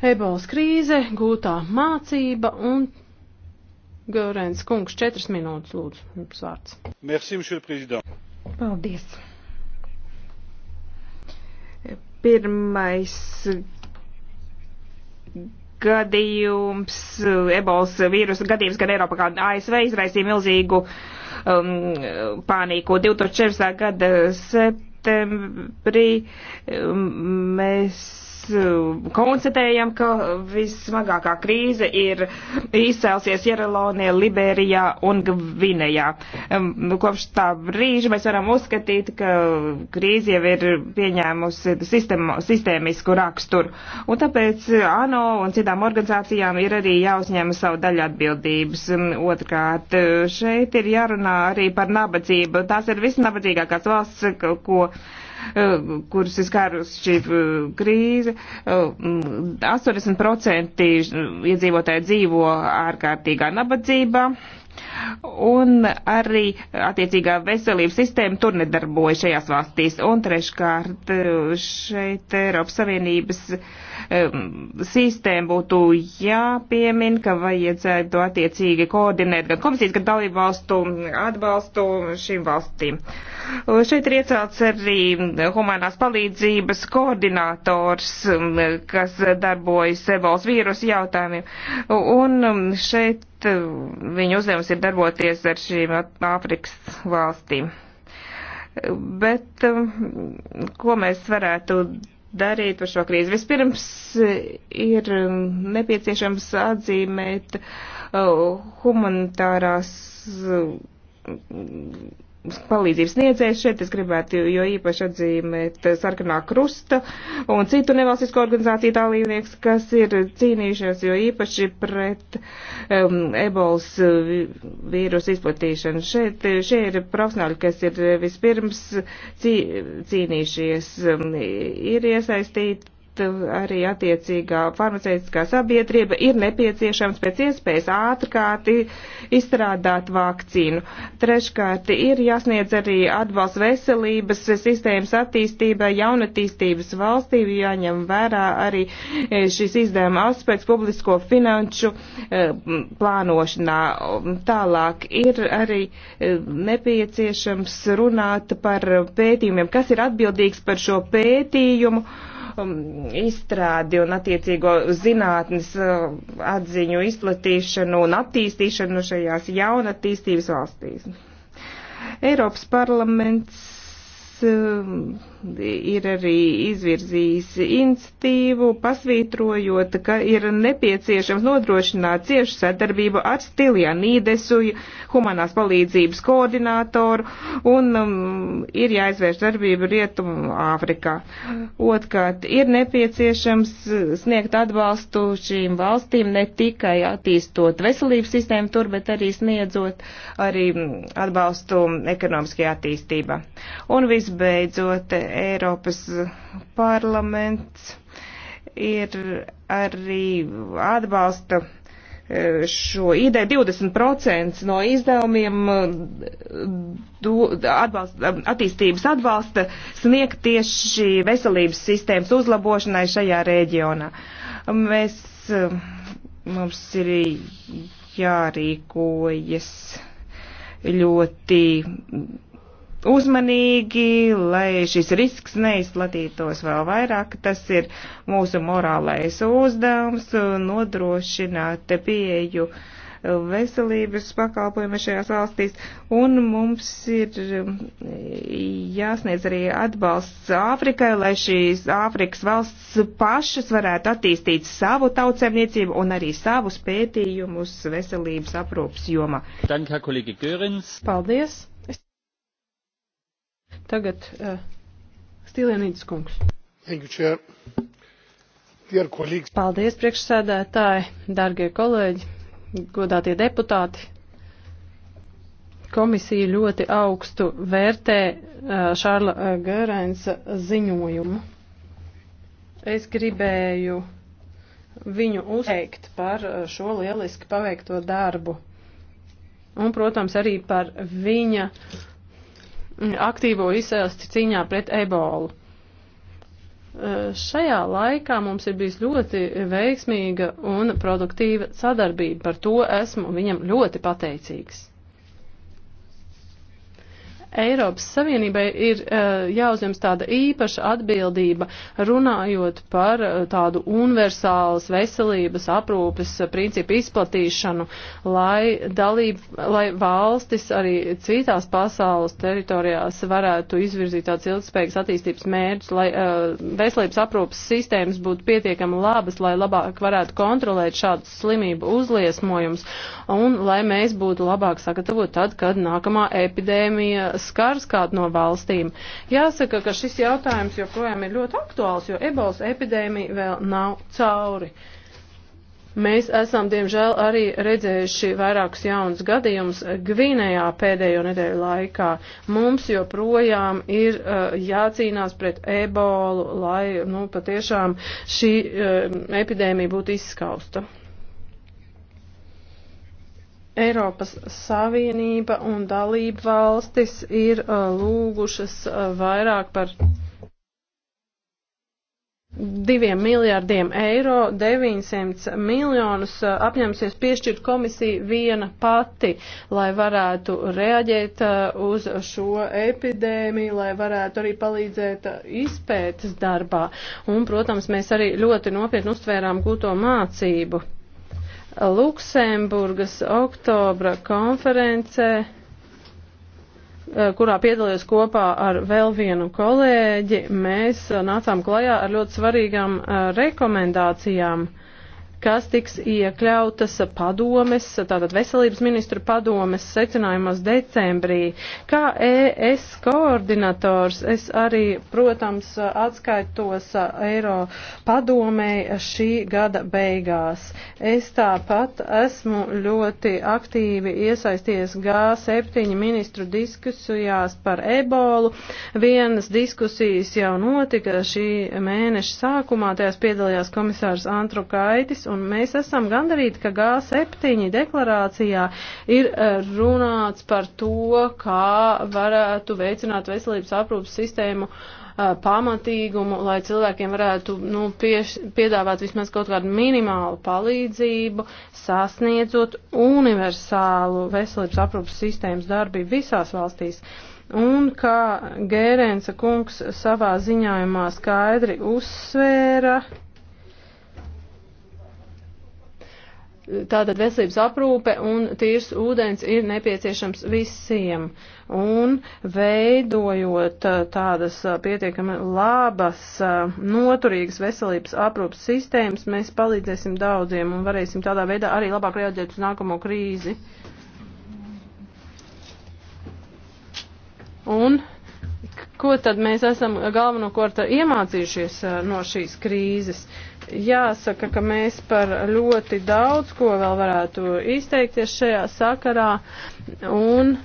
Ebolas krīze, gūtā mācība un Gaurēns kungs, četras minūtes lūdzu, jums vārds. Merci, monsieur le président. Paldies. Pirmais gadījums, ebolas vīrusa gadījums, kad Eiropa kā ASV izraisīja milzīgu um, pāniku 2014. gada septembrī. Um, mēs Uh, konstatējam, ka vissmagākā krīze ir izcēlsies Jerelonē, Liberijā un Gvinējā. Um, nu, kopš tā brīža mēs varam uzskatīt, ka krīze jau ir pieņēmusi sistēmu, sistēmisku raksturu. Un tāpēc ANO un citām organizācijām ir arī jāuzņem savu daļu atbildības. Um, otrkārt, šeit ir jārunā arī par nabadzību. Tās ir visnabadzīgākās valsts, ko Eh, kurus izkārus šī eh, krīze. 80% eh, iedzīvotāji dzīvo ārkārtīgā nabadzībā. Un arī attiecīgā veselības sistēma tur nedarbojas šajās valstīs. Un treškārt šeit Eiropas Savienības uh, sistēmu būtu jāpiemin, ka vajadzētu attiecīgi koordinēt gan komisijas, gan dalību valstu atbalstu šīm valstīm. Šeit ir iecelts arī humanās palīdzības koordinators, kas darbojas ebols vīrusu jautājumiem. Un šeit viņu uzdevums ir darboties ar šīm Āfrikas valstīm. Bet ko mēs varētu darīt par šo krīzi. Vispirms eh, ir mm, nepieciešams atzīmēt eh, humanitārās mm, palīdzības sniedzējs šeit, es gribētu jo īpaši atzīmēt Sarkanā Krusta un citu nevalstisko organizāciju dalībnieks, kas ir cīnījušies jo īpaši pret um, ebols vīrusu izplatīšanu. Šeit, šie ir profesionāļi, kas ir vispirms cī, cīnījušies, um, ir iesaistīti arī attiecīgā farmaceitiskā sabiedrība ir nepieciešams pēc iespējas ātrkārt izstrādāt vakcīnu. Treškārt ir jāsniedz arī atbalsts veselības sistēmas attīstībai jaunatīstības valstī, jāņem vērā arī e, šis izdevuma aspekts publisko finanšu e, plānošanā. Tālāk ir arī e, nepieciešams runāt par pētījumiem, kas ir atbildīgs par šo pētījumu. Uh, izstrādi un attiecīgo zinātnes uh, atziņu izplatīšanu un attīstīšanu šajās jaunatīstības valstīs. Eiropas parlaments Eh, ir arī izvirzījis institīvu, pasvītrojot, ka ir nepieciešams nodrošināt ciešu sadarbību ar Stiljā Nīdesu, humanās palīdzības koordinātoru, un um, ir jāizvērš darbību Rietumu Āfrikā. Otkārt, ir nepieciešams sniegt atbalstu šīm valstīm ne tikai attīstot veselības sistēmu tur, bet arī sniedzot arī mm, atbalstu ekonomiskajā attīstībā. Un visu Visbeidzot, Eiropas parlaments ir arī atbalsta e, šo ideju 20% no izdevumiem e, do, atbalsta, e, attīstības atbalsta sniegt tieši veselības sistēmas uzlabošanai šajā reģionā. Mēs, mums ir jārīkojas ļoti uzmanīgi, lai šis risks neizplatītos vēl vairāk. Tas ir mūsu morālais uzdevums nodrošināt pieeju veselības pakalpojumi šajās valstīs, un mums ir jāsniedz arī atbalsts Āfrikai, lai šīs Āfrikas valsts pašas varētu attīstīt savu tautsēmniecību un arī savus pētījumus veselības aprūpas jomā. Danke, kolēģi Görins. Paldies. Tagad uh, eh, Stīlienītis kungs. Thank you, chair. Dear colleagues. Paldies, priekšsēdētāji, dārgie kolēģi, godātie deputāti. Komisija ļoti augstu vērtē uh, Šārla uh, Gērēnsa ziņojumu. Es gribēju viņu uzteikt par šo lieliski paveikto darbu. Un, protams, arī par viņa uh, aktīvo izsēlsti cīņā pret ebolu. E, šajā laikā mums ir bijis ļoti veiksmīga un produktīva sadarbība. Par to esmu viņam ļoti pateicīgs. Eiropas Savienībai ir eh, jāuzņems tāda īpaša atbildība runājot par eh, tādu universālas veselības aprūpes eh, principu izplatīšanu, lai, dalība, lai valstis arī citās pasaules teritorijās varētu izvirzīt tāds ilgspējīgs attīstības mērķis, lai veselības aprūpes sistēmas būtu pietiekami labas, lai labāk varētu kontrolēt šādus slimību uzliesmojumus un lai mēs būtu labāk sagatavot tad, kad nākamā epidēmija skars kādu no valstīm. Jāsaka, ka šis jautājums joprojām ir ļoti aktuāls, jo ebolas epidēmija vēl nav cauri. Mēs esam, diemžēl, arī redzējuši vairākus jaunus gadījumus Gvinējā pēdējo nedēļu laikā. Mums joprojām ir uh, jācīnās pret ebolu, lai nu, patiešām šī uh, epidēmija būtu izskausta. Eiropas Savienība un dalība valstis ir uh, lūgušas uh, vairāk par diviem miljārdiem eiro, 900 miljonus uh, apņemsies piešķirt komisija viena pati, lai varētu reaģēt uh, uz šo epidēmiju, lai varētu arī palīdzēt uh, izpētes darbā. Un, protams, mēs arī ļoti nopietni uztvērām gūto mācību. Luksemburgas oktobra konferencē, eh, kurā piedalījos kopā ar vēl vienu kolēģi, mēs nācām klajā ar ļoti svarīgām eh, rekomendācijām. Uh, kas tiks iekļautas padomes, tātad veselības ministru padomes secinājumos decembrī. Kā ES koordinators, es arī, protams, atskaitos Eiro padomē šī gada beigās. Es tāpat esmu ļoti aktīvi iesaisties G7 ministru diskusijās par ebolu. Vienas diskusijas jau notika šī mēneša sākumā, tajās piedalījās komisārs Antru Kaitis un mēs esam gandarīti, ka G7 deklarācijā ir e, runāts par to, kā varētu veicināt veselības aprūpas sistēmu e, pamatīgumu, lai cilvēkiem varētu nu, pieš, piedāvāt vismaz kaut kādu minimālu palīdzību, sasniedzot universālu veselības aprūpas sistēmas darbību visās valstīs. Un kā Gērensa kungs savā ziņojumā skaidri uzsvēra, uh, Tātad veselības aprūpe un tīrs ūdens ir nepieciešams visiem. Un veidojot tādas pietiekami labas, noturīgas veselības aprūpas sistēmas, mēs palīdzēsim daudziem un varēsim tādā veidā arī labāk reaģēt uz nākamo krīzi. Un ko tad mēs esam galvenokārt iemācījušies no šīs krīzes? Uh, Jāsaka, ka mēs par ļoti daudz ko vēl varētu izteikties šajā sakarā un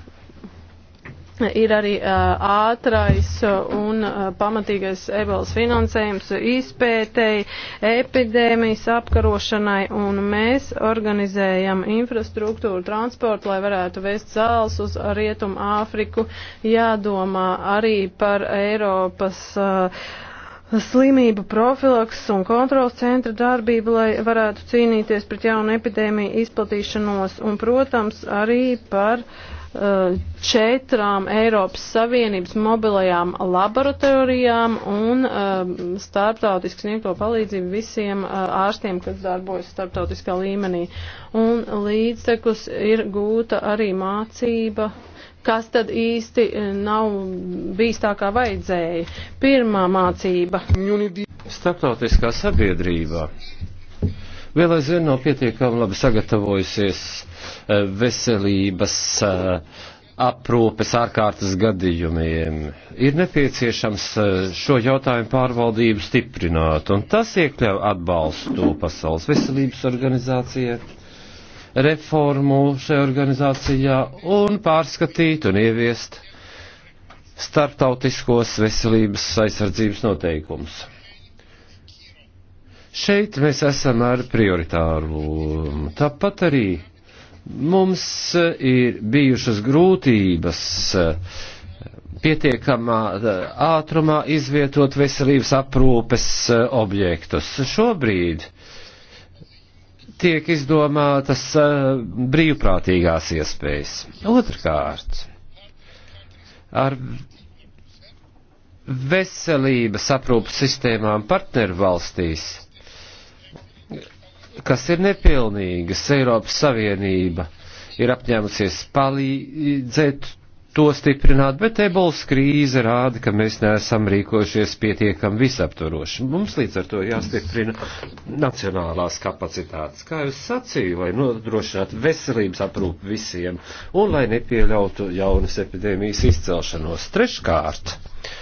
ir arī uh, ātrais un uh, pamatīgais ebolas finansējums izpētēji, epidēmijas apkarošanai, un mēs organizējam infrastruktūru transportu, lai varētu vēst zāles uz Rietumu Āfriku, jādomā arī par Eiropas uh, slimību profilaks un kontrols centra darbība, lai varētu cīnīties pret jaunu epidēmiju izplatīšanos un, protams, arī par uh, četrām Eiropas Savienības mobilajām laboratorijām un uh, starptautiski sniegto palīdzību visiem uh, ārstiem, kas darbojas starptautiskā līmenī. Un līdzekus ir gūta arī mācība kas tad īsti eh, nav bijis tā kā vajadzēja. Pirmā mācība. Starptautiskā sabiedrībā vēl aizvien nav pietiekami labi sagatavojusies eh, veselības eh, aprūpes ārkārtas gadījumiem. Ir nepieciešams šo jautājumu pārvaldību stiprināt, un tas iekļauj atbalstu Pasaules veselības organizācijai reformu šajā organizācijā un pārskatīt un ieviest starptautiskos veselības aizsardzības noteikumus. Šeit mēs esam ar prioritāru. Tāpat arī mums ir bijušas grūtības eh, pietiekamā eh, ātrumā izvietot veselības aprūpes eh, objektus. Šobrīd tiek izdomātas eh, brīvprātīgās iespējas. Otrkārt, ar veselības aprūpas sistēmām partneru valstīs, kas ir nepilnīgas, Eiropas Savienība ir apņēmusies palīdzēt to stiprināt, bet ebolas krīze rāda, ka mēs neesam rīkojušies pietiekam visaptoroši. Mums līdz ar to jāstiprina nacionālās kapacitātes, kā jūs sacīju, lai nodrošinātu veselības aprūpu visiem un lai nepieļautu jaunas epidēmijas izcelšanos. Treškārt, uh,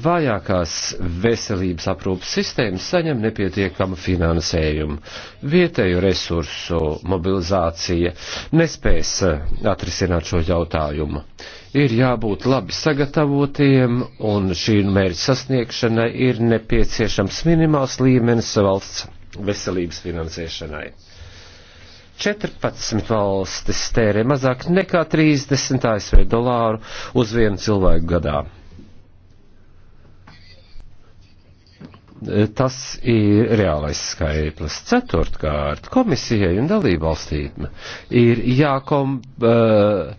vājākās veselības aprūpas sistēmas saņem nepietiekamu finansējumu. Vietēju resursu mobilizācija nespēs eh, atrisināt šo jautājumu. Ir jābūt labi sagatavotiem, un šī mērķa sasniegšanai ir nepieciešams minimāls līmenis valsts veselības finansēšanai. 14 valstis tērē mazāk nekā 30 ASV dolāru uz vienu cilvēku gadā. Tas ir reālais skaitlis. Ceturtkārt, komisijai un dalībvalstīm ir jākom uh,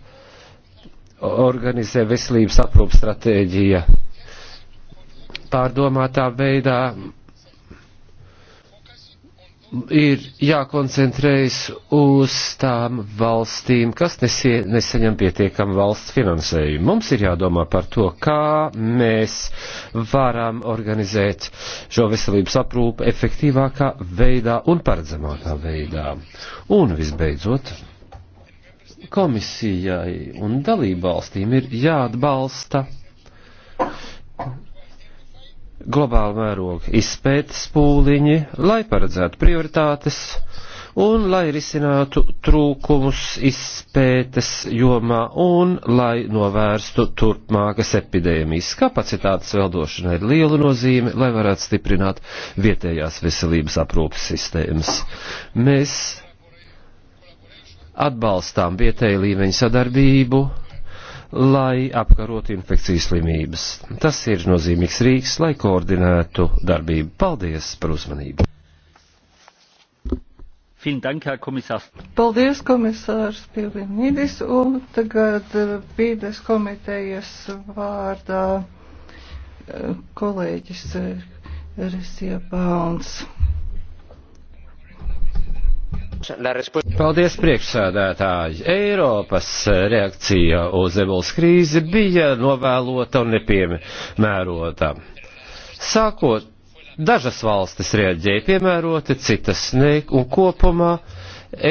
organizē veselības aprūpas stratēģija pārdomātā veidā ir jākoncentrējas uz tām valstīm, kas nesie, nesaņem pietiekam valsts finansējumu. Mums ir jādomā par to, kā mēs varam organizēt šo veselības aprūpu efektīvākā veidā un paredzamākā veidā. Un visbeidzot, komisijai un dalībvalstīm ir jāatbalsta globāla mēroga izpētes pūliņi, lai paredzētu prioritātes un lai risinātu trūkumus izpētes jomā un lai novērstu turpmākas epidēmijas. Kapacitātes veldošana ir liela nozīme, lai varētu stiprināt vietējās veselības aprūpas sistēmas. Mēs atbalstām vietēju līmeņu sadarbību lai apkarotu infekcijas slimības. Tas ir nozīmīgs rīks, lai koordinētu darbību. Paldies par uzmanību! Paldies, komisārs Pilinīdis, un tagad eh, bīdes komitejas vārdā eh, kolēģis eh, Resija Bauns. Paldies priekšsēdētāji. Eiropas reakcija uz ebolas krīzi bija novēlota un nepiemērota. Sākot, dažas valstis reaģēja piemēroti, citas ne, un kopumā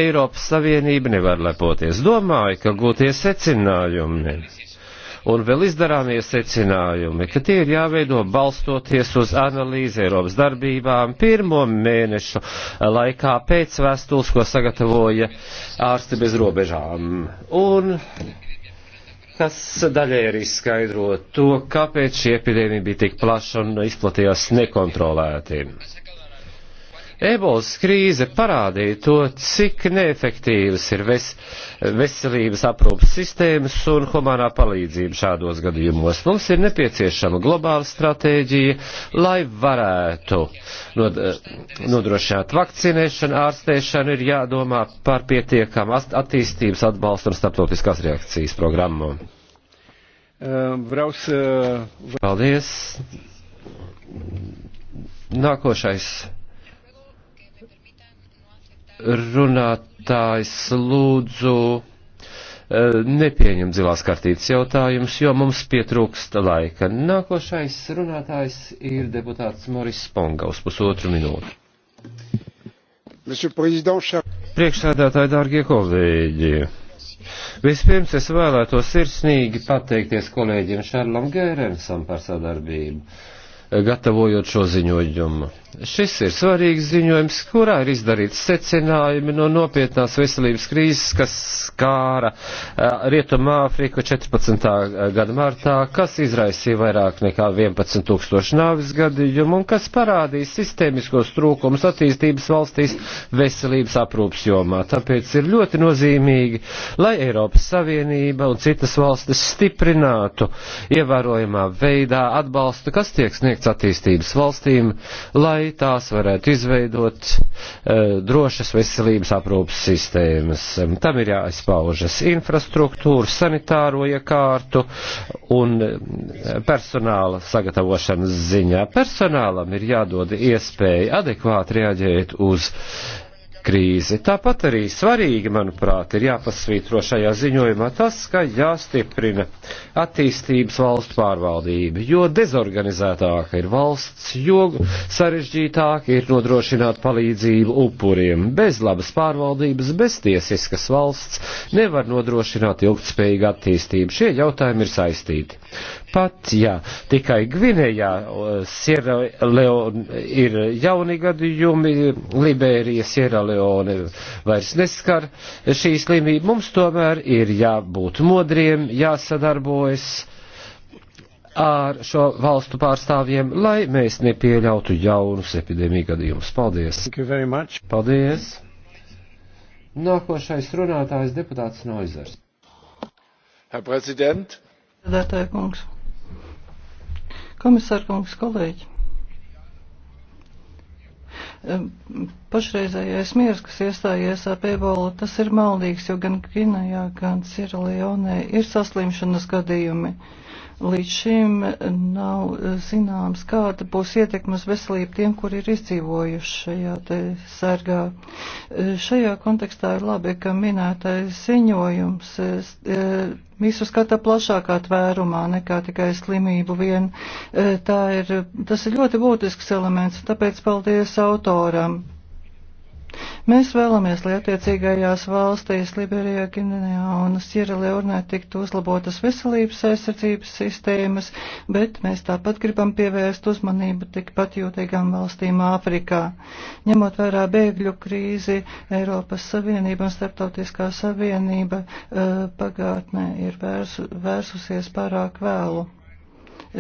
Eiropas Savienība nevar lepoties. Domāju, ka gūties secinājumi un vēl izdarāmie secinājumi, ka tie ir jāveido balstoties uz analīzi Eiropas darbībām pirmo mēnešu laikā pēc vēstules, ko sagatavoja ārsti bez robežām. Un kas daļai arī skaidro to, kāpēc šī epidēmija bija tik plaša un izplatījās nekontrolēti. Ebolas krīze parādīja to, cik neefektīvas ir ves, veselības aprūpas sistēmas un humanā palīdzība šādos gadījumos. Mums ir nepieciešama globāla stratēģija, lai varētu nod, eh, nodrošināt vakcinēšanu, ārstēšanu, ir jādomā par pietiekamu attīstības atbalstu un starptautiskās reakcijas programmu. Ehm, Braus, eh, Paldies. Nākošais runātājs lūdzu eh, nepieņem zilās kartītes jautājumus, jo mums pietrūkst laika. Nākošais runātājs ir deputāts Moris Sponga uz pusotru minūtu. Priekšsēdētāji, dārgie kolēģi! Vispirms es vēlētos sirsnīgi pateikties kolēģiem Šarlam Gērensam par sadarbību, gatavojot šo ziņojumu Šis ir svarīgs ziņojums, kurā ir izdarīts secinājumi no nopietnās veselības krīzes, kas skāra Rietumā Āfriku 14. gada martā, kas izraisīja vairāk nekā 11 tūkstoši nāvis gadījumu un kas parādīja sistēmiskos trūkumus attīstības valstīs veselības aprūpas jomā. Tāpēc ir ļoti nozīmīgi, lai Eiropas Savienība un citas valstis stiprinātu ievērojamā veidā atbalstu, kas tiek sniegts attīstības valstīm, lai lai tās varētu izveidot uh, drošas veselības aprūpas sistēmas. Tam ir jāizpaužas infrastruktūru, sanitāro iekārtu un eh, personāla sagatavošanas ziņā. Personālam ir jādod iespēja adekvāti reaģēt uz uh, krīzi. Tāpat arī svarīgi, manuprāt, ir jāpasvītro šajā ziņojumā tas, ka jāstiprina attīstības valstu pārvaldība, jo dezorganizētāka ir valsts, jo sarežģītāk ir nodrošināt palīdzību upuriem. Bez labas pārvaldības, bez tiesiskas valsts nevar nodrošināt ilgtspējīgu attīstību. Šie jautājumi ir saistīti. Pat, ja tikai Gvinējā Sierra Leone ir jauni gadījumi, Liberija, Sierra Leone, Leone vairs neskar šī slimība, mums tomēr ir jābūt modriem, jāsadarbojas ar šo valstu pārstāvjiem, lai mēs nepieļautu jaunus epidēmiju gadījumus. Paldies! Paldies! Nākošais runātājs deputāts Noizers. Herr Prezident! Komisārkungs, kolēģi! pašreizējais miers, kas iestājies ap ebolu, tas ir maldīgs, jo gan Kinajā, gan Sierra Leonē ir saslimšanas gadījumi. Uh, Līdz šim nav zināms, kāda būs ietekme uz veselību tiem, kur ir izdzīvojuši šajā te sargā. Šajā kontekstā ir labi, ka minētais ziņojums eh, visu skata plašākā tvērumā nekā tikai slimību vien. Eh, tā ir, tas ir ļoti būtisks elements, tāpēc paldies autoram. Mēs vēlamies, lai attiecīgajās valstīs Liberijā, Gindenijā un Sieraleonē tiktu uzlabotas veselības aizsardzības sistēmas, bet mēs tāpat gribam pievērst uzmanību tikpat jūtīgām valstīm Āfrikā. Ņemot vērā bēgļu krīzi, Eiropas Savienība un Startautiskā Savienība uh, pagātnē ir vērs, vērsusies pārāk vēlu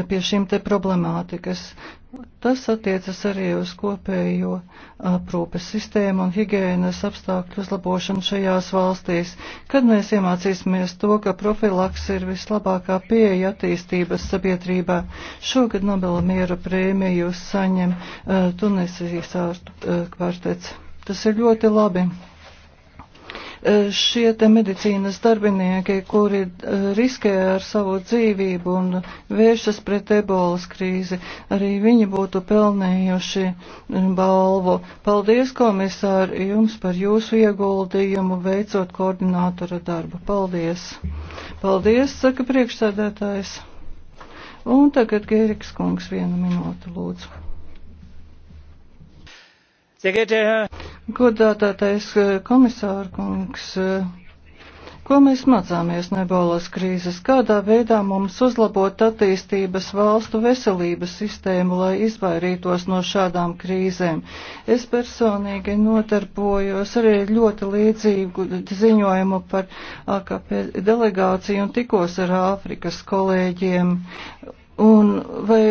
pie šīm te problemātikas. Tas attiecas arī uz kopējo aprūpes sistēmu un higienas apstākļu uzlabošanu šajās valstīs. Kad mēs iemācīsimies to, ka profilaks ir vislabākā pieeja attīstības sabiedrībā, šogad Nobela miera prēmiju saņem uh, Tunisijas ārstu uh, eh, kvartets. Tas ir ļoti labi. Eh, šie te medicīnas darbinieki, kuri eh, riskē ar savu dzīvību un vēršas pret ebolas krīzi, arī viņi būtu pelnējuši mm, balvu. Paldies, komisāri, jums par jūsu ieguldījumu veicot koordinātora darbu. Paldies! Paldies, saka priekšsēdētājs. Un tagad Gēriks kungs vienu minūtu lūdzu. Sehr geehrter Herr Godātātais eh, komisāra kungs, eh, ko mēs mācāmies nebolas krīzes? Kādā veidā mums uzlabot attīstības valstu veselības sistēmu, lai izvairītos no šādām krīzēm? Es personīgi notarbojos arī ļoti līdzīgu ziņojumu par AKP delegāciju un tikos ar Āfrikas kolēģiem. Un vai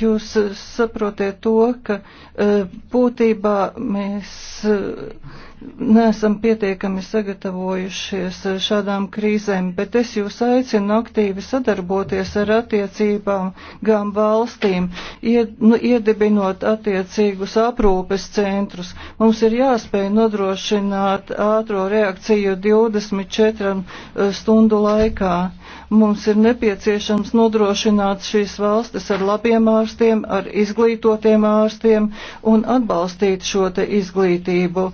jūs saprotiet to, ka e, būtībā mēs e, neesam pietiekami sagatavojušies šādām krīzēm, bet es jūs aicinu aktīvi sadarboties ar attiecībām gām valstīm, nu, iedibinot attiecīgus aprūpes centrus. Mums ir jāspēj nodrošināt ātro reakciju 24 stundu laikā. Mums ir nepieciešams nodrošināt šīs valstis ar labiem ārstiem, ar izglītotiem ārstiem un atbalstīt šo te izglītību.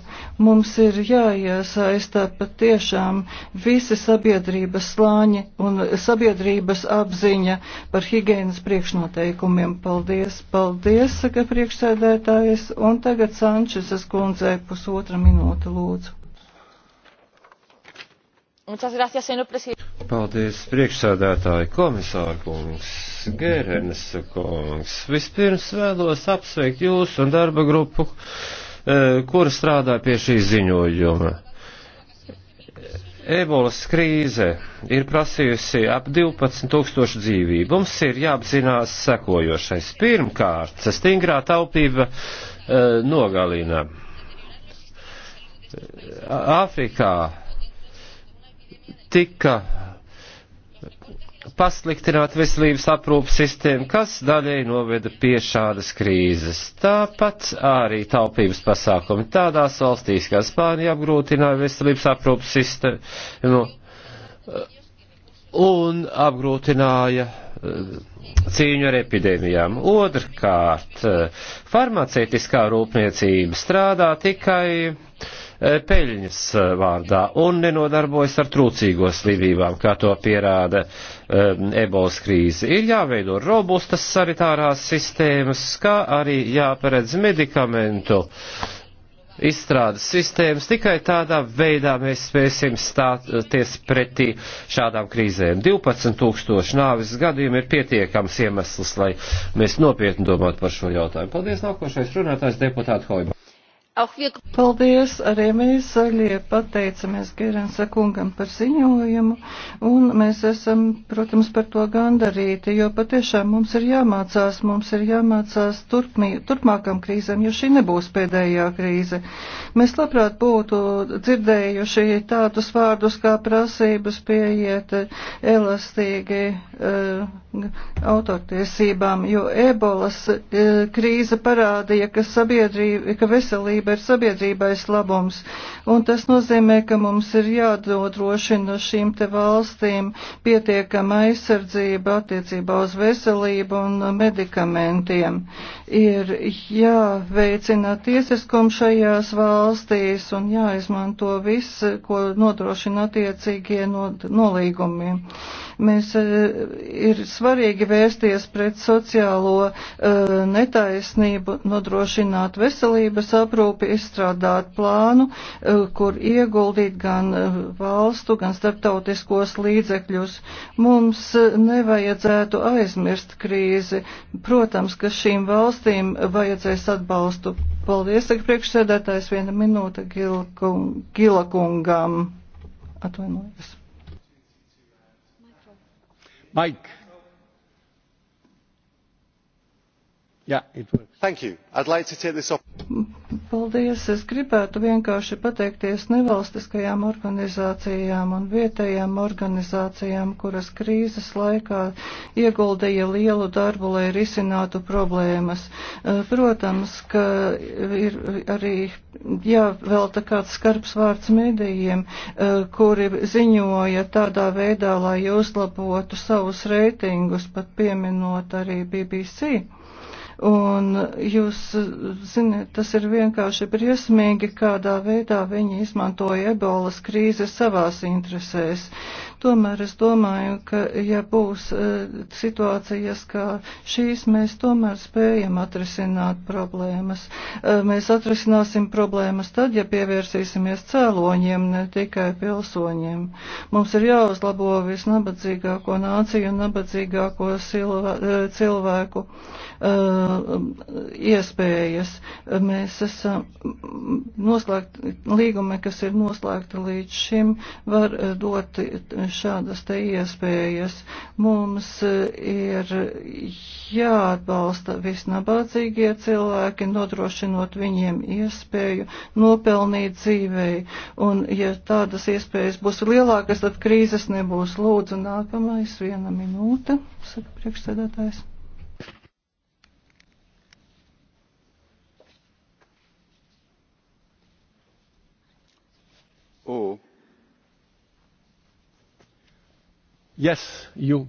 Mums ir jāiesaista patiešām visi sabiedrības slāņi un sabiedrības apziņa par higienas priekšnoteikumiem. Paldies, paldies, saka priekšsēdētājs, un tagad Sančesas kundzei pusotra minūte lūdzu. Paldies, priekšsādātāji komisāra kungs, Gērenes kungs. Vispirms vēlos apsveikt jūs un darba grupu, eh, kura strādā pie šī ziņojuma. Ebolas krīze ir prasījusi ap 12 tūkstošu dzīvību. Mums ir jāapzinās sekojošais. Pirmkārt, stingrā taupība eh, nogalina. Āfrikā tika pasliktināt veselības aprūpas sistēmu, kas daļai noveda pie šādas krīzes. Tāpat arī taupības pasākumi tādās valstīs, kā Spānija apgrūtināja veselības aprūpas sistēmu un apgrūtināja eh, cīņu ar epidēmijām. Otrkārt, eh, farmaceitiskā rūpniecība strādā tikai Eh, peļņas eh, vārdā un nenodarbojas ar trūcīgo slimībām, kā to pierāda eh, ebolas krīze. Ir jāveido robustas sanitārās sistēmas, kā arī jāparedz medikamentu izstrādes sistēmas. Tikai tādā veidā mēs spēsim stāties pretī šādām krīzēm. 12 tūkstoši nāvis gadījumi ir pietiekams iemesls, lai mēs nopietni domātu par šo jautājumu. Paldies, nākošais runātājs deputāta Hoiba. Paldies! Arī mēs zaļie pateicamies Gerensa kungam par ziņojumu, un mēs esam, protams, par to gandarīti, jo patiešām mums ir jāmācās, mums ir jāmācās turpmī, turpmākam krīzēm, jo šī nebūs pēdējā krīze. Mēs labprāt būtu dzirdējuši tādus vārdus kā prasības pieiet elastīgi uh, autortiesībām, jo ebolas uh, krīze parādīja, ka sabiedrība, ka veselība Veselība ir sabiedrībais labums, un tas nozīmē, ka mums ir jādodrošina šīm te valstīm pietiekama aizsardzība attiecībā uz veselību un medikamentiem. Ir jāveicina tiesiskums šajās valstīs un jāizmanto viss, ko nodrošina attiecīgie nolīgumi. Mēs eh, ir svarīgi vērsties pret sociālo eh, netaisnību, nodrošināt veselības aprūpi grupi izstrādāt plānu, eh, kur ieguldīt gan eh, valstu, gan starptautiskos līdzekļus. Mums eh, nevajadzētu aizmirst krīzi. Protams, ka šīm valstīm vajadzēs atbalstu. Paldies, saka priekšsēdētājs, viena minūte Gila kungam. Atvainojos. Mike. Yeah, I'd like to take this Paldies! Es gribētu vienkārši pateikties nevalstiskajām organizācijām un vietējām organizācijām, kuras krīzes laikā ieguldīja lielu darbu, lai risinātu problēmas. Eh, protams, ka ir arī jāvelta kāds skarbs vārds medijiem, eh, kuri ziņoja tādā veidā, lai uzlabotu savus reitingus, pat pieminot arī BBC. Un jūs zināt, tas ir vienkārši briesmīgi, kādā veidā viņi izmantoja ebolas krīzi savās interesēs. Tomēr es domāju, ka ja būs e, situācijas kā šīs, mēs tomēr spējam atrisināt problēmas. E, mēs atrisināsim problēmas tad, ja pievērsīsimies cēloņiem, ne tikai pilsoņiem. Mums ir jāuzlabo visnabadzīgāko nāciju un nabadzīgāko silva, e, cilvēku iespējas. Mēs esam noslēgti, līgumi, kas ir noslēgti līdz šim, var dot šādas te iespējas. Mums eh, ir jāatbalsta visnabadzīgie cilvēki, nodrošinot viņiem iespēju nopelnīt dzīvei. Un ja tādas iespējas būs lielākas, tad krīzes nebūs. Lūdzu, nākamais viena minūte, saka priekšsēdētājs. Oh. Yes, you.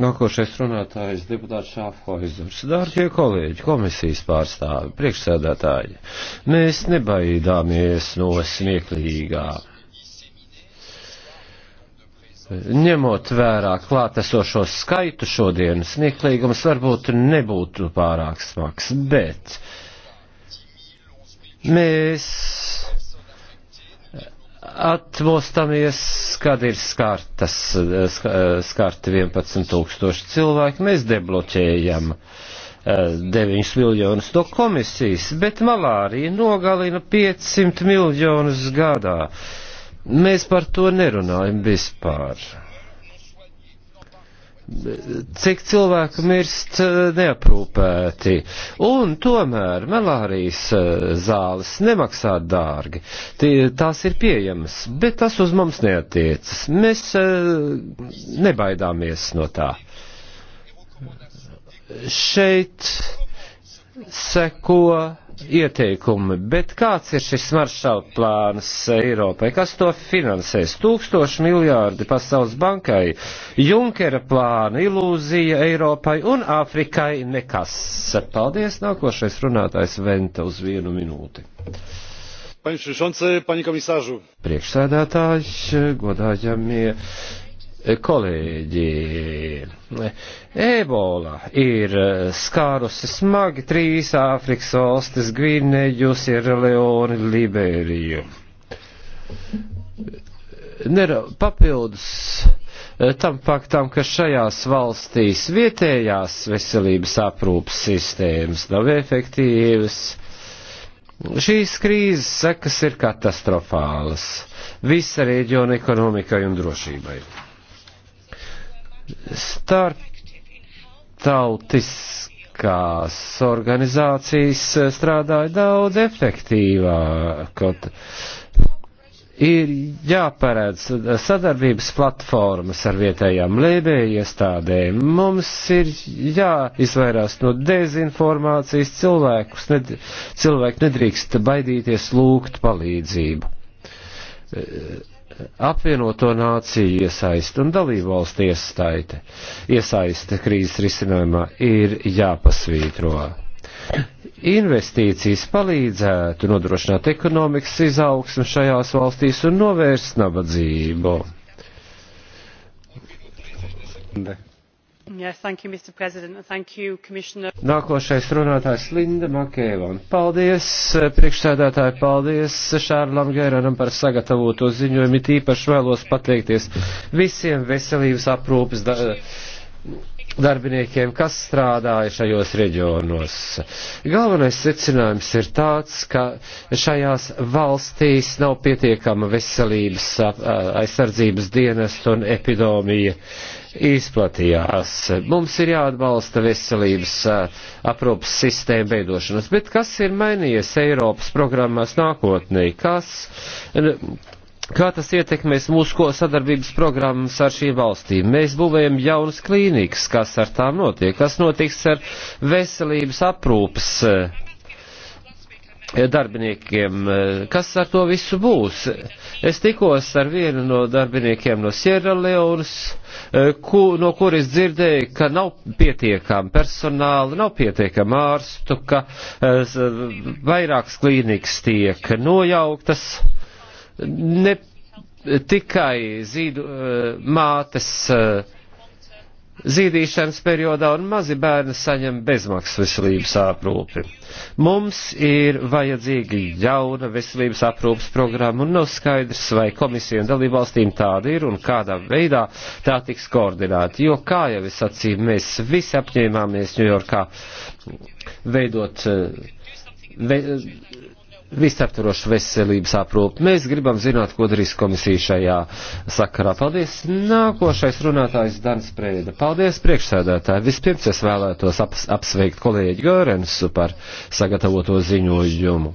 Nākošais runātājs deputāts Šāfhoizers. Dārgie kolēģi, komisijas pārstāvi, priekšsēdētāji, mēs nebaidāmies no smieklīgā. Ņemot vērā klātesošo skaitu šodien, smieklīgums varbūt nebūtu pārāk smags, bet mēs atmostamies, kad ir skartas, skarti 11 tūkstoši cilvēki, mēs debloķējam 9 eh, miljonus no komisijas, bet malārija nogalina 500 miljonus gadā. Mēs par to nerunājam vispār cik cilvēku mirst eh, neaprūpēti. Un tomēr melārijas eh, zāles nemaksā dārgi. Tās ir pieejamas, bet tas uz mums neatiecas. Mēs eh, nebaidāmies no tā. Šeit seko ieteikumi, bet kāds ir šis maršala plāns Eiropai? Kas to finansēs? Tūkstoši miljārdi pasaules bankai, Junkera plāna, ilūzija Eiropai un Āfrikai nekas. Paldies, nākošais runātājs Venta uz vienu minūti. Priekšsēdētājs, godājamie kolēģi, ebola ir skārusi smagi trīs Āfrikas valstis - Gvineju, Sierleoni, Liberiju. Nera, papildus eh, tam faktam, ka šajās valstīs vietējās veselības aprūpas sistēmas nav efektīvas, šīs krīzes sekas ir katastrofālas visa reģiona ekonomikai un drošībai starptautiskās organizācijas strādāja daudz efektīvāk. Ir jāparedz sadarbības platformas ar vietējām lēbēju iestādēm. Mums ir jāizvairās no dezinformācijas, cilvēkus, ned cilvēki nedrīkst baidīties lūgt palīdzību apvienoto nāciju iesaiste un dalībvalstu iesaiste, iesaiste krīzes risinājumā ir jāpasvītro. Investīcijas palīdzētu nodrošināt ekonomikas izaugsmu šajās valstīs un novērst nabadzību. Ne. Yeah, you, you, Nākošais runātājs Linda Makēvan. Paldies, eh, priekšsēdētāji, paldies Šārlam Gēranam par sagatavoto ziņojumu. It īpaši vēlos pateikties visiem veselības aprūpes da darbiniekiem, kas strādāja šajos reģionos. Galvenais secinājums ir tāds, ka šajās valstīs nav pietiekama veselības aizsardzības dienas un epidēmija izplatījās. Mums ir jāatbalsta veselības eh, aprūpas sistēma beidošanas, bet kas ir mainījies Eiropas programmās nākotnē? Kas, kā tas ietekmēs mūsu sadarbības programmas ar šīm valstīm? Mēs būvējam jaunas klīnikas, kas ar tām notiek, kas notiks ar veselības aprūpas eh, darbiniekiem, kas ar to visu būs. Es tikos ar vienu no darbiniekiem no Sierra Leonas, ku, no kuris dzirdēju, ka nav pietiekami personāli, nav pietiekami ārstu, ka vairākas klīnikas tiek nojauktas. Ne tikai zīdu mātes zīdīšanas periodā un mazi bērni saņem bezmaksas veselības aprūpi. Mums ir vajadzīga jauna veselības aprūpas programma un nav skaidrs, vai komisija un dalībvalstīm tāda ir un kādā veidā tā tiks koordinēta, jo, kā jau es sacīju, mēs visi apņēmāmies Ņujorkā veidot eh, ve, visaptvarošu veselības aprūpi. Mēs gribam zināt, ko darīs komisija šajā sakarā. Paldies. Nākošais runātājs Dans Prēda. Paldies, priekšsēdētāji. Vispirms es vēlētos aps apsveikt kolēģi Gārensu par sagatavoto ziņojumu.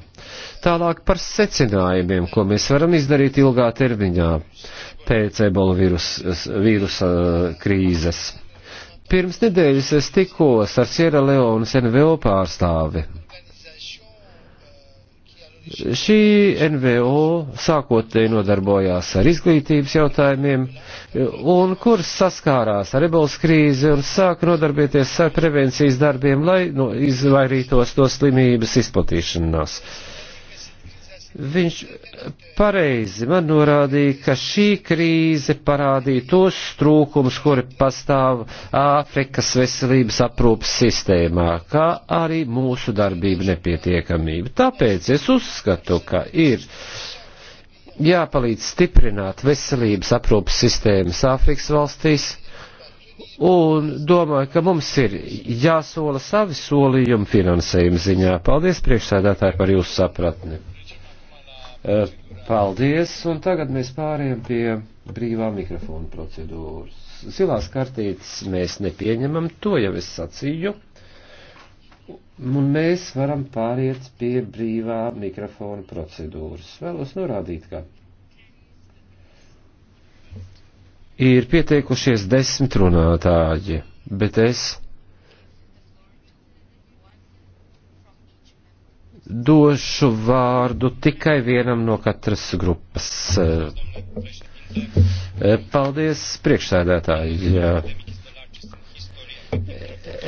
Tālāk par secinājumiem, ko mēs varam izdarīt ilgā termiņā pēc ebola virus, vīrusa uh, krīzes. Pirms nedēļas es tikos ar Sierra Leonas NVO pārstāvi Šī NVO sākotnēji nodarbojās ar izglītības jautājumiem, un kuras saskārās ar ebolas krīzi un sāka nodarbieties ar prevencijas darbiem, lai nu, izvairītos no slimības izplatīšanās. Uh, Viņš pareizi man norādīja, ka šī krīze parādīja tos trūkumus, kuri pastāv Āfrikas veselības aprūpas sistēmā, kā arī mūsu darbība nepietiekamība. Tāpēc es uzskatu, ka ir jāpalīdz stiprināt veselības aprūpas sistēmas Āfrikas valstīs. Un domāju, ka mums ir jāsola savi solījumi finansējuma ziņā. Paldies priekšsēdētāji par jūsu sapratni. Eh, paldies, un tagad mēs pāriem pie brīvā mikrofona procedūras. Silās kartītes mēs nepieņemam, to jau es sacīju. Un mēs varam pāriet pie brīvā mikrofona procedūras. Vēlos norādīt, ka ir pieteikušies desmit runātāji, bet es došu vārdu tikai vienam no katras grupas. Paldies, priekšsēdētāji.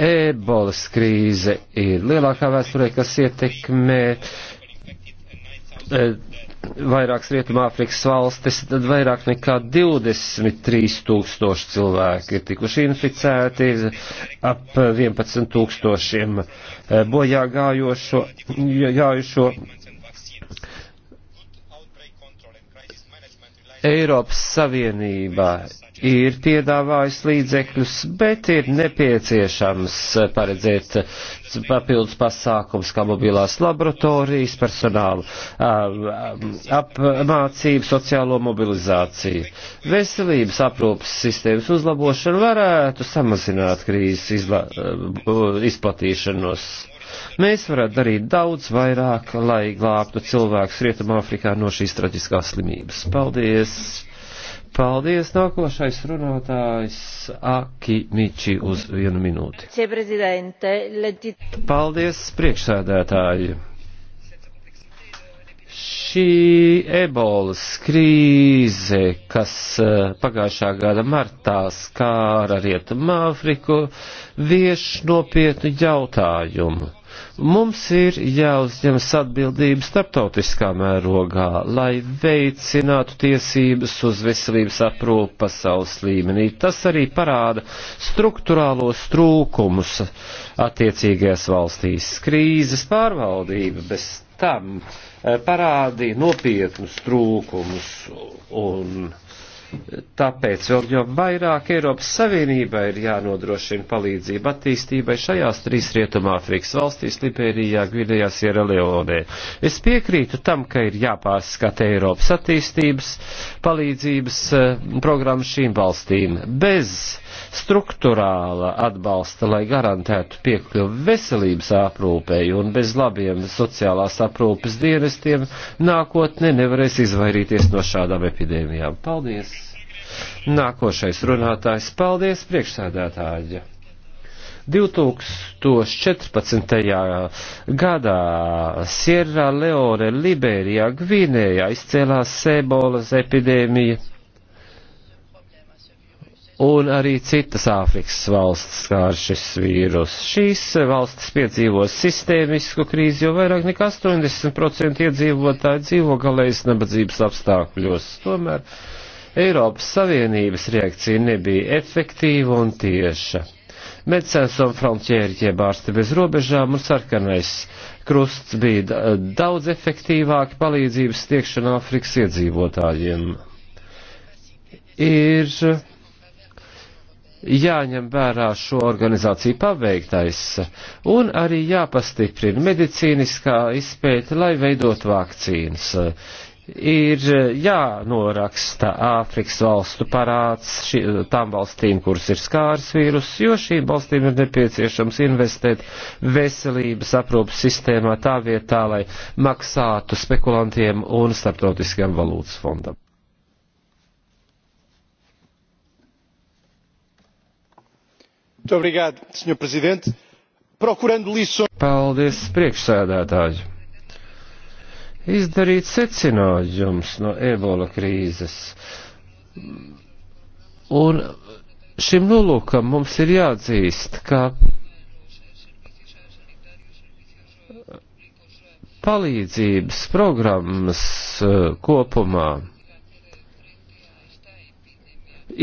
Ebolas krīze ir lielākā vēsturē, kas ietekmē Eh, vairākas Rietumāfrikas valstis, tad vairāk nekā 23 tūkstoši cilvēki ir tikuši inficēti, ap 11 tūkstošiem eh, bojā gājošo, gājušo. Eiropas Savienībā ir piedāvājis līdzekļus, bet ir nepieciešams paredzēt papildus pasākums, kā mobilās laboratorijas, personāla apmācību, sociālo mobilizāciju. Veselības aprūpas sistēmas uzlabošana varētu samazināt krīzes izla, izplatīšanos. Mēs varētu darīt daudz vairāk, lai glābtu cilvēkus Rietumāfrikā no šīs traģiskās slimības. Paldies! Paldies, nākošais runātājs Aki Miči uz vienu minūti. Paldies, priekšsēdētāji. Šī ebolas krīze, kas eh, pagājušā gada martā skāra Rietumu Āfriku, vieš nopietnu jautājumu Mums ir jāuzņemas atbildība starptautiskā mērogā, lai veicinātu tiesības uz veselības aprūpu pasaules līmenī. Tas arī parāda struktūrālos trūkumus attiecīgajās valstīs. Krīzes pārvaldība bez tam eh, parādīja nopietnus trūkumus un Tāpēc vēl jau vairāk Eiropas Savienībai ir jānodrošina palīdzība attīstībai šajās trīs Rietumāfrikas valstīs - Liberijā, Gvinējā, Sierra Leonē. Es piekrītu tam, ka ir jāpārskata Eiropas attīstības palīdzības eh, programma šīm valstīm bez struktūrāla atbalsta, lai garantētu piekļuvi veselības aprūpēji un bez labiem sociālās aprūpes dienestiem nākotnē nevarēs izvairīties no šādām epidēmijām. Paldies! Nākošais runātājs. Paldies, priekšsēdētāji! 2014. gadā Sierra Leone, Liberijā, Gvinējā izcēlās sēbolas epidēmija un arī citas Āfrikas valsts skār šis vīrus. Šīs valstis piedzīvo sistēmisku krīzi, jo vairāk nekā 80% iedzīvotāji dzīvo galējas nabadzības apstākļos. Tomēr Eiropas Savienības reakcija nebija efektīva un tieša. Medecins un frontieri jeb ārsti bez robežām un sarkanais krusts bija daudz efektīvāk palīdzības sniegšana Afrikas iedzīvotājiem. Ir jāņem vērā šo organizāciju paveiktais un arī jāpastiprina medicīniskā izpēta, lai veidot vakcīnas ir eh, jānoraksta Āfrikas valstu parāds ši, tām valstīm, kuras ir skārs vīrus, jo šīm valstīm ir nepieciešams investēt veselības aprūpas sistēmā tā vietā, lai maksātu spekulantiem un starptautiskajam valūtas fondam. Obrigado, Sr. Presidente. Procurando lições. Paldies, priekšsēdētāji izdarīt secinājums no ebola krīzes. Un šim nolūkam mums ir jāatzīst, ka palīdzības programmas uh, kopumā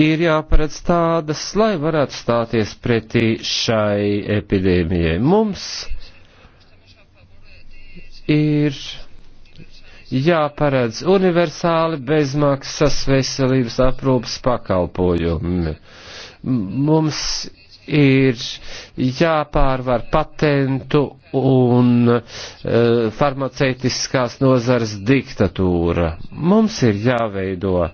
ir jāparedz tādas, lai varētu stāties pretī šai epidēmijai. Mums ir jāparedz universāli bezmaksas veselības aprūpas pakalpojumi. Mums ir jāpārvar patentu un e, farmaceitiskās nozares diktatūra. Mums ir jāveido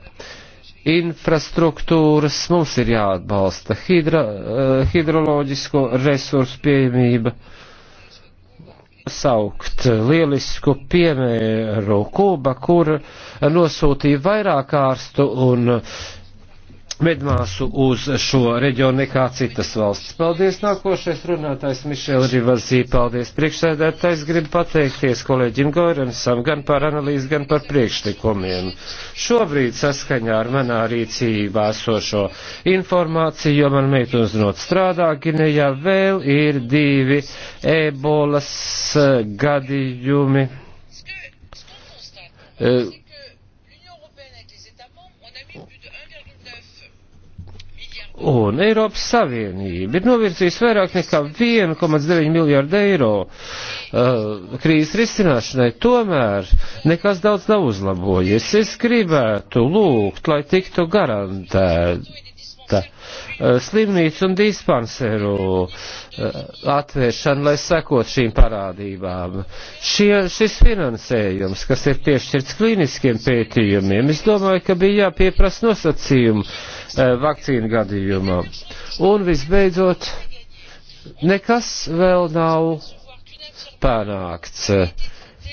infrastruktūras, mums ir jāatbalsta hidra, e, hidroloģisko resursu pieejamība. E, nosaukt lielisku piemēru Kuba, kur nosūtīja vairāk ārstu un uh, medmāsu uz šo reģionu nekā citas valsts. Paldies, nākošais runātājs Mišēla Rivazī, paldies priekšsēdētājs, gribu pateikties kolēģim Gorensam gan par analīzi, gan par priekšlikumiem. Šobrīd saskaņā ar manā rīcībā sošo informāciju, jo man meituns not strādā Ginejā, vēl ir divi ebolas eh, gadījumi. Uh, Un Eiropas Savienība ir novirzījusi vairāk nekā 1,9 miljārdu eiro uh, krīzes risināšanai, tomēr nekas daudz nav uzlabojies. Es gribētu lūgt, lai tiktu garantēta uh, slimnīca un dispanseru uh, Eh, atvēršanu, lai sekot šīm parādībām. Šie, šis finansējums, kas ir piešķirts klīniskiem pētījumiem, es domāju, ka bija jāpieprasa nosacījumu eh, vakcīnu gadījumā. Un visbeidzot, nekas vēl nav panākts.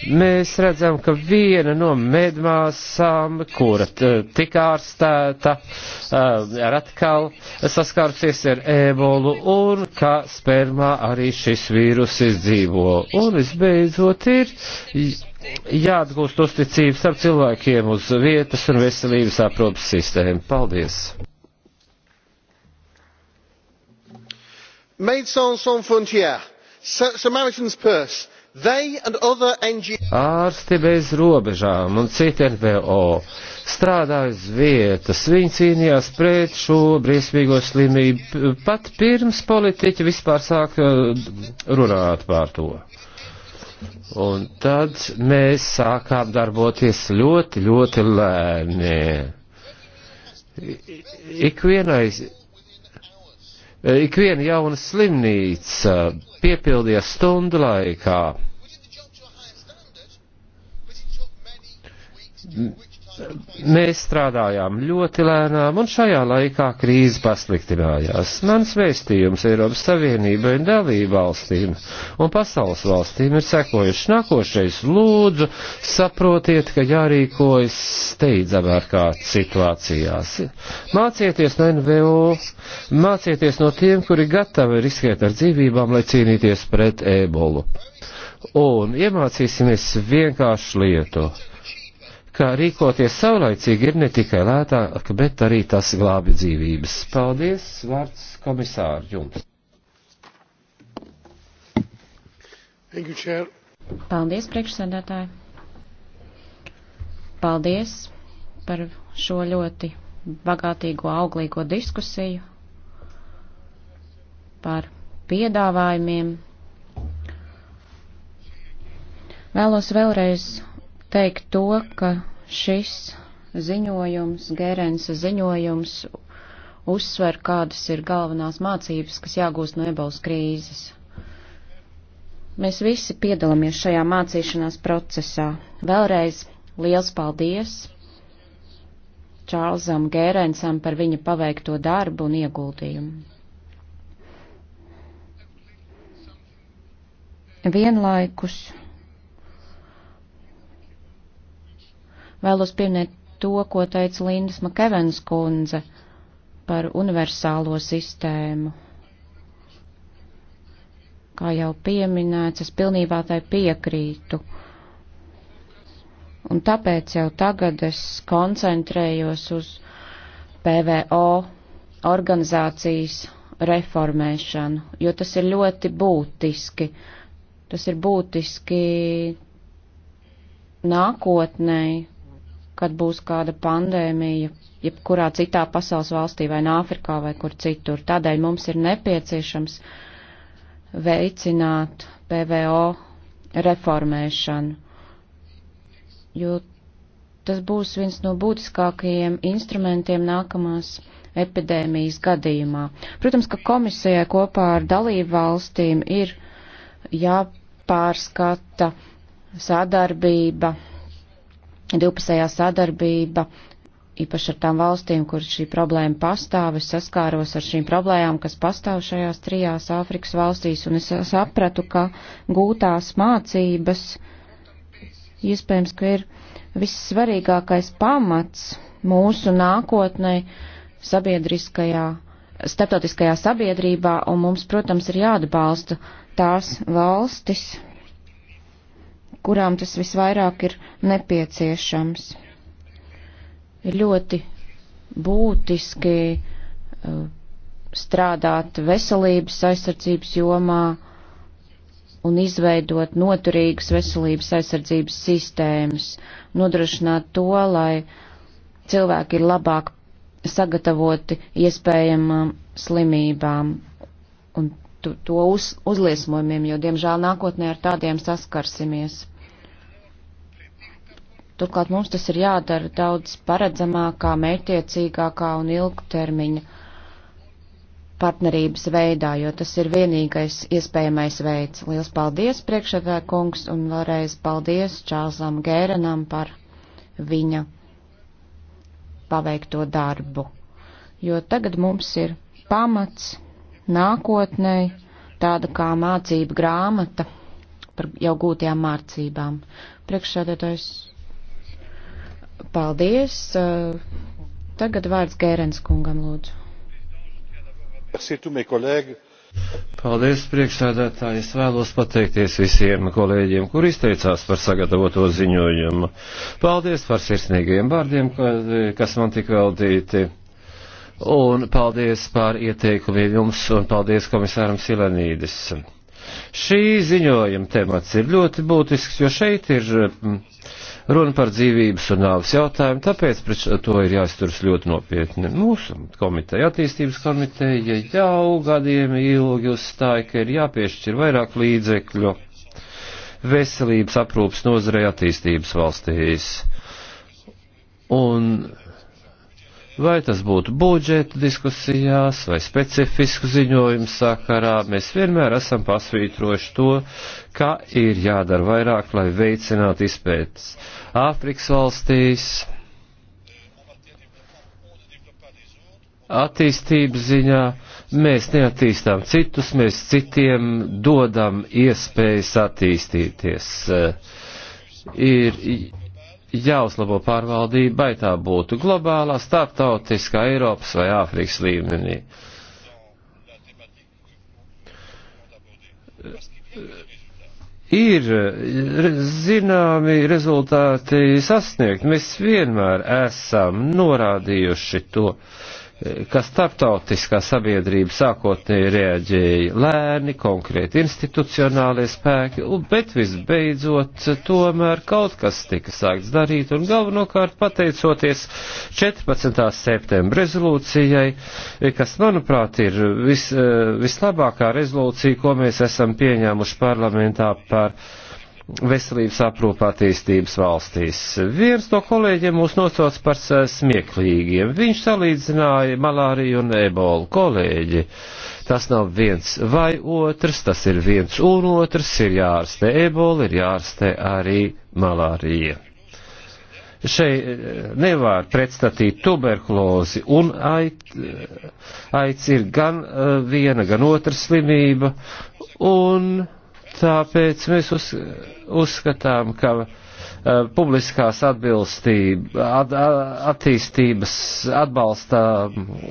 Mēs redzam, ka viena no medmāsām, kura tika ārstēta, eh, ir atkal saskārusies ar ebolu un ka spermā arī šis vīrus izdzīvo. Un visbeidzot ir jāatgūst uzticības ar cilvēkiem uz vietas un veselības aprūpas sistēmu. Paldies! Médecins Sans Frontières, Samaritan's Purse, Ārsti bez robežām un citi NVO strādāja uz vietas. Viņi cīnījās pret šo briesmīgo slimību pat pirms politiķi vispār sāka eh, runāt par to. Un tad mēs sākām darboties ļoti, ļoti lēni. Ikvienais Eh, Ikviena jauna slimnīca piepildījās stundu laikā mēs strādājām ļoti lēnām, un šajā laikā krīze pasliktinājās. Mans vēstījums Eiropas Savienībai un dalību valstīm un pasaules valstīm ir sekojuši nākošais. Lūdzu, saprotiet, ka jārīkojas steidzamā kārtas situācijās. Mācieties no NVO, mācieties no tiem, kuri gatavi riskēt ar dzīvībām, lai cīnīties pret ebolu. Un iemācīsimies vienkāršu lietu ka rīkoties saulaicīgi ir ne tikai lētāk, bet arī tas glābi dzīvības. Paldies, vārds komisāru jums. Thank you, Chair. Paldies, priekšsēdētāji. Paldies par šo ļoti bagātīgo, auglīgo diskusiju, par piedāvājumiem. Vēlos vēlreiz teikt to, ka šis ziņojums, Gērensa ziņojums, uzsver, kādas ir galvenās mācības, kas jāgūst no ebolas krīzes. Mēs visi piedalāmies šajā mācīšanās procesā. Vēlreiz liels paldies Čārlzam Gērensam par viņa paveikto darbu un ieguldījumu. Vienlaikus Vēlos pieminēt to, ko teica Lindas Makevens kundze par universālo sistēmu. Kā jau pieminēts, es pilnībā tai piekrītu. Un tāpēc jau tagad es koncentrējos uz PVO organizācijas reformēšanu, jo tas ir ļoti būtiski. Tas ir būtiski nākotnēji kad būs kāda pandēmija, jebkurā citā pasaules valstī vai Āfrikā vai kur citur. Tādēļ mums ir nepieciešams veicināt PVO reformēšanu, jo tas būs viens no būtiskākajiem instrumentiem nākamās epidēmijas gadījumā. Protams, ka komisijai kopā ar dalību valstīm ir jāpārskata sadarbība divpusējā sadarbība, īpaši ar tām valstīm, kur šī problēma pastāv, es saskāros ar šīm problēmām, kas pastāv šajās trijās Āfrikas valstīs, un es sapratu, ka gūtās mācības iespējams, ka ir vissvarīgākais pamats mūsu nākotnē sabiedriskajā, starptautiskajā sabiedrībā, un mums, protams, ir jāatbalsta tās valstis, kurām tas visvairāk ir nepieciešams. Ir ļoti būtiski uh, strādāt veselības aizsardzības jomā un izveidot noturīgas veselības aizsardzības sistēmas, nodrošināt to, lai cilvēki ir labāk sagatavoti iespējamām slimībām un to uz, uzliesmojumiem, jo, diemžēl, nākotnē ar tādiem saskarsimies. Turklāt mums tas ir jādara daudz paredzamākā, mērķiecīgākā un ilgtermiņa partnerības veidā, jo tas ir vienīgais iespējamais veids. Liels paldies priekšsēdē kungs un vēlreiz paldies Čāzam Gērenam par viņa paveikto darbu. Jo tagad mums ir pamats nākotnē, tāda kā mācība grāmata par jau gūtajām mācībām. Priekšsēdētājs Paldies. Tagad vārds Gērens kungam lūdzu. Paldies, priekšsēdētāji. Es vēlos pateikties visiem kolēģiem, kur izteicās par sagatavoto ziņojumu. Paldies par sirsnīgiem vārdiem, kas man tik veltīti. Un paldies par ieteikumiem jums un paldies komisāram Silenīdis. Šī ziņojuma temats ir ļoti būtisks, jo šeit ir mm, runa par dzīvības un nāves jautājumu, tāpēc pret to ir jāizturas ļoti nopietni. Mūsu komiteja, attīstības komiteja jau gadiem ilgi uzstāja, ka ir jāpiešķir vairāk līdzekļu veselības aprūpas nozarei attīstības valstīs. Un Vai tas būtu budžeta diskusijās vai specifisku ziņojumu sakarā, mēs vienmēr esam pasvītrojuši to, ka ir jādara vairāk, lai veicinātu izpētes Āfrikas valstīs, attīstības ziņā. Mēs neattīstām citus, mēs citiem dodam iespējas attīstīties. Ir jāuzlabo pārvaldībai, tā būtu globālā, starptautiskā, Eiropas vai Āfrikas līmenī. Ir zināmi rezultāti sasniegt, mēs vienmēr esam norādījuši to. Uh, ka starptautiskā sabiedrība sākotnēji reaģēja lēni, konkrēti institucionālie spēki, bet visbeidzot tomēr kaut kas tika sākts darīt un galvenokārt pateicoties 14. septembra rezolūcijai, kas manuprāt ir vis, eh, vislabākā rezolūcija, ko mēs esam pieņēmuši parlamentā par veselības aprūpa attīstības valstīs. Viens no kolēģiem mūs nosauc par smieklīgiem. Viņš salīdzināja malāriju un ebolu. Kolēģi, tas nav viens vai otrs, tas ir viens un otrs, ir jārastē ebola, ir jārastē arī malārija šeit eh, nevar pretstatīt tuberkulozi, un aic, eh, aic ir gan eh, viena, gan otra slimība, un Tāpēc mēs uz, uzskatām, ka uh, publiskās atbilstība, at, attīstības atbalsta 20%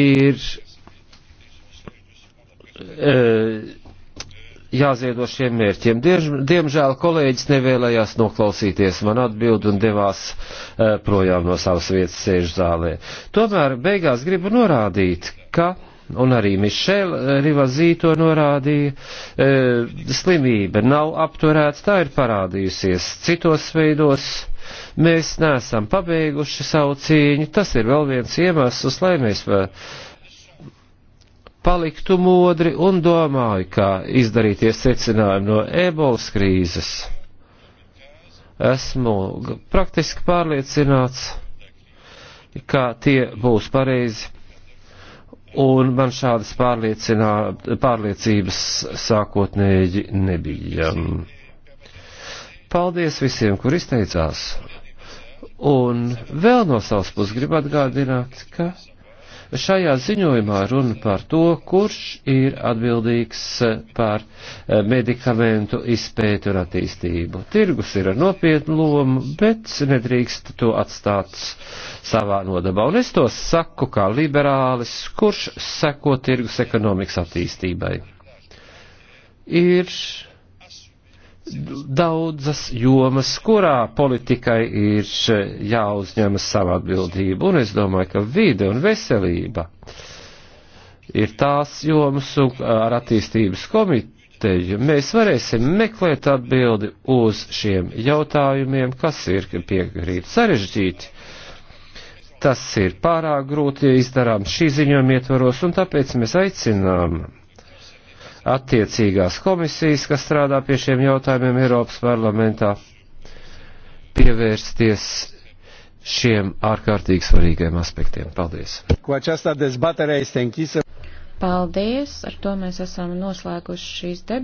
ir uh, jāziedo šiem mērķiem. Diemžēl kolēģis nevēlējās noklausīties man atbild un devās uh, projām no savas vietas sēžu zālē. Tomēr beigās gribu norādīt, ka un arī Mišela eh, Rivazī to norādīja, e, slimība nav apturēta, tā ir parādījusies citos veidos. Mēs neesam pabeiguši savu cīņu, tas ir vēl viens iemesls, lai mēs eh, paliktu modri un domāju, kā izdarīties secinājumu no ebolas krīzes. Esmu praktiski pārliecināts, ka tie būs pareizi Un man šādas pārliecības sākotnēji nebija. Paldies visiem, kur izteicās. Un vēl no savas puses gribu atgādināt, ka Šajā ziņojumā runa par to, kurš ir atbildīgs eh, par eh, medikamentu izpēti un attīstību. Tirgus ir ar nopietnu lomu, bet nedrīkst to atstāt savā nodabā. Un es to saku kā liberālis, kurš seko tirgus ekonomikas attīstībai. Ir daudzas jomas, kurā politikai ir jāuzņemas sava atbildība, un es domāju, ka vide un veselība ir tās jomas, un ar attīstības komiteju mēs varēsim meklēt atbildi uz šiem jautājumiem, kas ir piekrīt sarežģīti. Tas ir pārāk grūti, ja izdarām šī ziņojuma ietvaros, un tāpēc mēs aicinām attiecīgās komisijas, kas strādā pie šiem jautājumiem Eiropas parlamentā, pievērsties šiem ārkārtīgi svarīgiem aspektiem. Paldies! Paldies! Ar to mēs esam noslēguši šīs debatas.